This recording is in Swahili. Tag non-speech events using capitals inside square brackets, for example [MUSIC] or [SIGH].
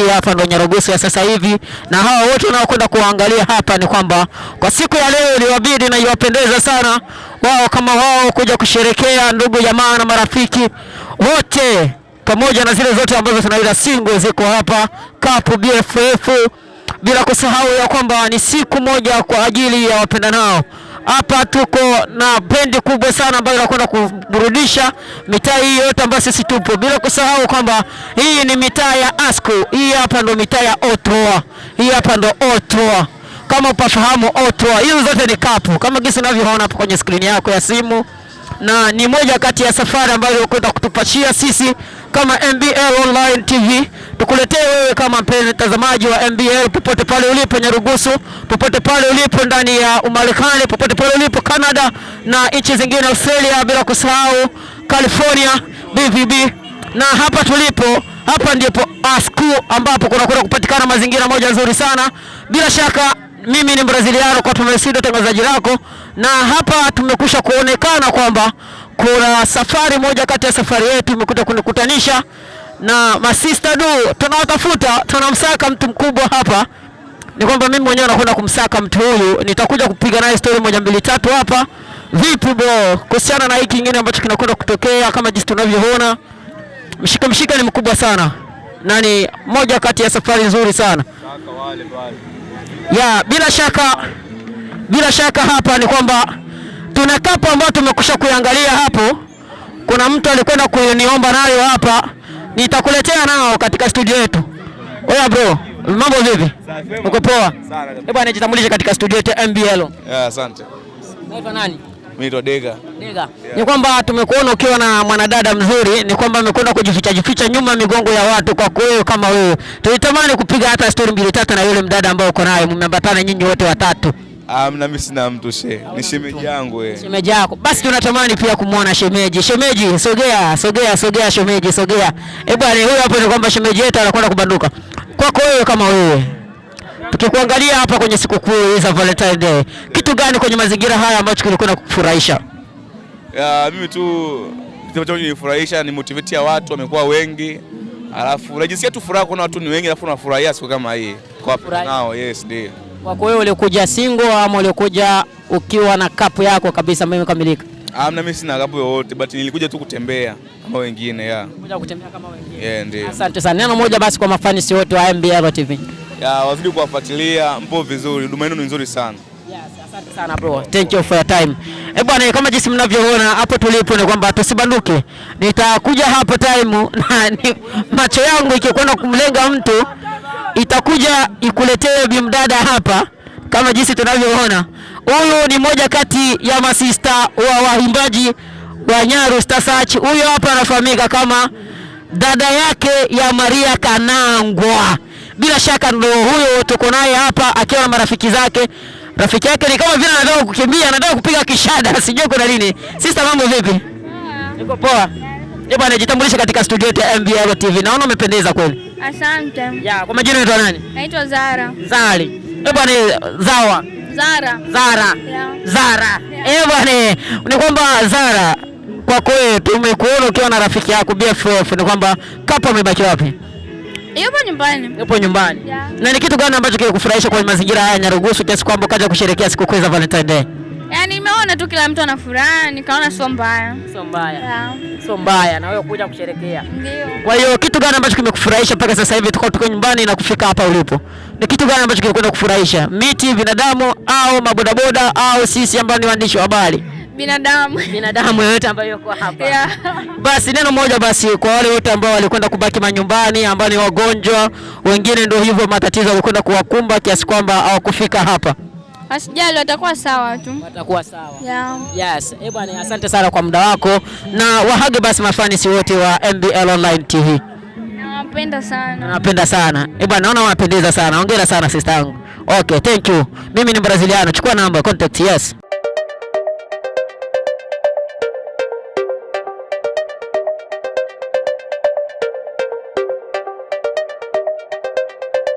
hii hapa ndo Nyarugusu ya sasa hivi, na hawa wote wanaokwenda kuangalia hapa ni kwamba kwa siku ya leo iliwabidi na iwapendeza sana wao kama wao kuja kusherekea, ndugu jamaa na marafiki wote, pamoja na zile zote ambazo tunaita single ziko hapa kapu BFF, bila kusahau ya kwamba ni siku moja kwa ajili ya wapendanao. Hapa tuko na bendi kubwa sana ambayo inakwenda kuburudisha mitaa hii yote ambayo sisi tupo, bila kusahau kwamba hii ni mitaa ya Asco. Hii hapa ndo mitaa ya Otroa, hii hapa ndo Otroa kama upafahamu Otroa. Hizo zote ni kapu kama gisi unavyoona hapo kwenye skrini yako ya simu, na ni moja kati ya safari ambayo kwenda kutupachia sisi kama MBL Online TV tukuletee wewe kama mtazamaji wa MBL popote pale ulipo Nyarugusu, popote pale ulipo ndani ya Umarekani, popote pale ulipo Canada na nchi zingine, Australia, bila kusahau California, BVB na hapa tulipo hapa ndipo ASKU ambapo kunakuwa kupatikana mazingira moja nzuri sana. Bila shaka mimi ni Braziliano kwa tumesido tangazaji lako, na hapa tumekusha kuonekana kwamba kuna safari moja kati ya safari yetu imekuja kunikutanisha na masista du tunawatafuta, tunamsaka mtu mkubwa hapa. Ni kwamba mimi mwenyewe nakwenda kumsaka mtu huyu, nitakuja kupiga naye story moja mbili tatu hapa, vipi bro, kuhusiana na hiki kingine ambacho kinakwenda kutokea. Kama jinsi tunavyoona, mshika mshika ni mkubwa sana na ni moja kati ya safari nzuri sana ya bila shaka, bila shaka hapa ni kwamba tuna kapu ambayo tumekusha kuiangalia hapo. Kuna mtu alikwenda kuniomba nayo hapa nitakuletea nao katika studio yetu. Oya bro, mambo vipi? Uko poa? Eh Hebu anajitambulisha katika studio yetu MBL. Yeah, asante. Unaitwa nani? Dega. Dega. Yeah. Ni kwamba tumekuona ukiwa na mwanadada mzuri, ni kwamba amekwenda kujificha jificha nyuma migongo ya watu. Kwa kweli kama wewe tulitamani kupiga hata stori mbili tatu na yule mdada ambao uko naye, mmeambatana nyinyi wote watatu Amna, mimi sina mtu she, ni shemeji yangu eh. Shemeji yako. Basi tunatamani pia kumwona shemeji. Shemeji, sogea, sogea, sogea shemeji, sogea. Eh, bwana huyu hapo ni kwamba shemeji yetu anakwenda kubanduka. Kwako wewe kama wewe. Tukikuangalia hapa kwenye sikukuu za Valentine Day. Kitu gani kwenye mazingira haya ambacho kilikuwa kukufurahisha? Ya, mimi tu kitu ambacho kinifurahisha ni motivate ya watu wamekuwa wengi. Alafu unajisikia tu furaha kuna watu ni wengi alafu unafurahia siku kama hii. Kwa nao, yes, ndio. Kwako wewe ulikuja single ama ulikuja ukiwa na kapu yako kabisa ambayo imekamilika? Amna, mimi sina kapu yoyote, but nilikuja tu kutembea kama wengine ya. Nilikuja kutembea kama wengine. Yeah, ndio. Asante sana. Neno moja basi kwa mafanisi wote wa MBL TV. Ya, wazidi kuwafuatilia, mpo vizuri, huduma yenu ni nzuri sana. Yes, asante sana bro. Thank you for your time. Eh, bwana eh, kama jinsi mnavyoona hapo tulipo ni kwamba tusibanduke. Nitakuja hapo time [LAUGHS] na macho yangu ikikwenda kumlenga mtu itakuja ikuletee bimdada hapa kama jinsi tunavyoona. Huyu ni mmoja kati ya masista wa waimbaji wa Nyaru Star Search. Huyu hapa anafahamika kama dada yake ya Maria Kanangwa. Bila shaka ndio huyo tuko naye hapa akiwa na marafiki zake. Rafiki yake ni kama vile anataka kukimbia, anataka kupiga kishada, [LAUGHS] sijui kuna nini. Sister, mambo vipi? Ah. Niko poa. Hebu anajitambulisha katika studio yetu ya MBL TV. Naona umependeza kweli. Asante. Ya, kwa majina unaitwa nani? Naitwa Zara. Zari. Eh, bwana eh, Zawa. Zara. Zara. Yeah. Zara. Eh, bwana eh, ni kwamba Zara kwa kweli tumekuona ukiwa na rafiki yako BFF ni kwamba kapa umebaki wapi? Yupo nyumbani. Yupo nyumbani. Yeah. Na ni kitu gani ambacho kilikufurahisha kwa mazingira haya Nyarugusu kiasi kwamba kaja kusherehekea sikukuu za Valentine Day? Yaani nikaona tu kila mtu ana furaha, nikaona sio mbaya, sio mbaya, yeah. sio mbaya na wewe kuja kusherekea. Ndio. Kwa hiyo kitu gani ambacho kimekufurahisha mpaka sasa hivi, tuko tuko nyumbani na kufika hapa ulipo, ni kitu gani ambacho kimekwenda kufurahisha? Miti, binadamu au mabodaboda au sisi ambao ni waandishi wa habari? Binadamu, binadamu yoyote ambayo yuko hapa yeah. Basi neno moja basi kwa wale wote ambao walikwenda kubaki manyumbani, ambao ni wagonjwa, wengine ndio hivyo matatizo yalikwenda kuwakumba kiasi kwamba hawakufika hapa Asijali, watakuwa sawa tu, watakuwa sawa yeah. Yes. Eh bwana, asante sana kwa muda wako na wahage basi mafanisi wote wa MBL Online TV. Nawapenda sana, nawapenda sana eh bwana, naona wanapendeza sana. Hongera sana sister yangu. Okay, thank you. Mimi ni Braziliano, chukua namba contact. Yes.